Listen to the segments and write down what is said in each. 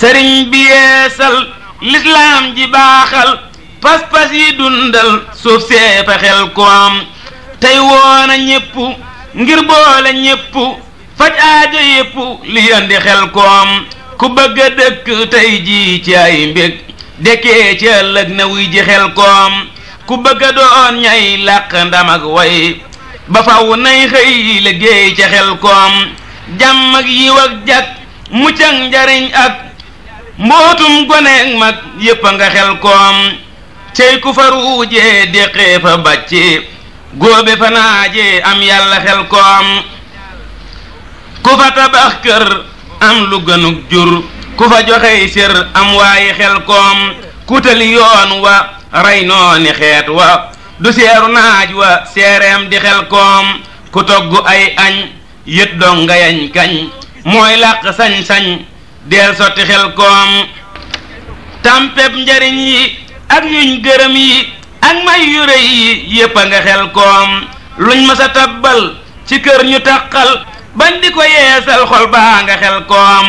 sëriñ bi yeesal lislaam ji baaxal pas-pas yi dundal suuf see fexel ko am tey woona ñépp ngir boole ñépp faj aajo yépp li xel ko ku bëgg a dëkk tey jii ci ay mbég dekkee ci ëllëg na ji xel ko ku bëgg a doon ñay làq ndam ak way ba faw nay xëy liggéey ci xel ko am ak yiw ak jak mucc ak njariñ ak mbootum goneeg mag yépp a nga xel koom cey ku fa ruujee déqee fa bàcci góobe fa naajee am yàlla xel koom ku fa tabax kër am lu gënug jur ku fa joxey sér am waayi xel koom kutali yoon wa rey xeet wa du seeru naaj wa seereem di xel koom ku togg ay añ yët dong nga kañ mooy làq sañ deel sotti xel koom tampeb njariñ yi ak yuñ gërëm yi ak may yu rëy yi yépp a nga xel koom luñ mës a tabbal ci kër ñu taqal bañ di ko yeesal xol baa nga xel koom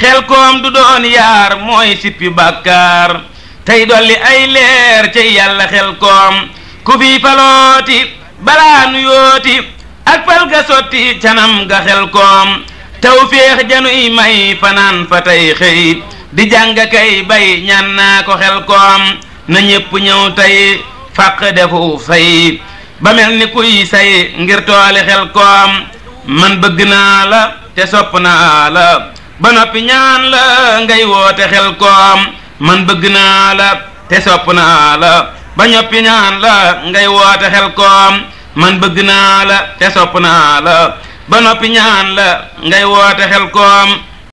xel koom du doon yaar mooy sippi bàkkaar tey dolli ay leer ci yàlla xel koom ku fi falooti balaa nu ak fal ga sotti canam nga xel koom tawféex januy may fanaan fa tey xëy di jàng kay bay ñaan naa ko xel koom na ñépp ñëw tey fàq defu say ba mel ni kuy say ngir tooli xel koom man bëgg naa la te sopp naa la ba noppi ñaan la ngay woote xel koom man bëgg naa la te sopp naa la ba ñoppi ñaan la ngay woote xel koom man bëgg naa la te sopp naa la ba noppi ñaan la ngay woote xel koom